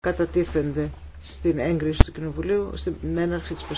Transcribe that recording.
κατατίθενται στην έγκριση του Κοινοβουλίου στην έναρξη της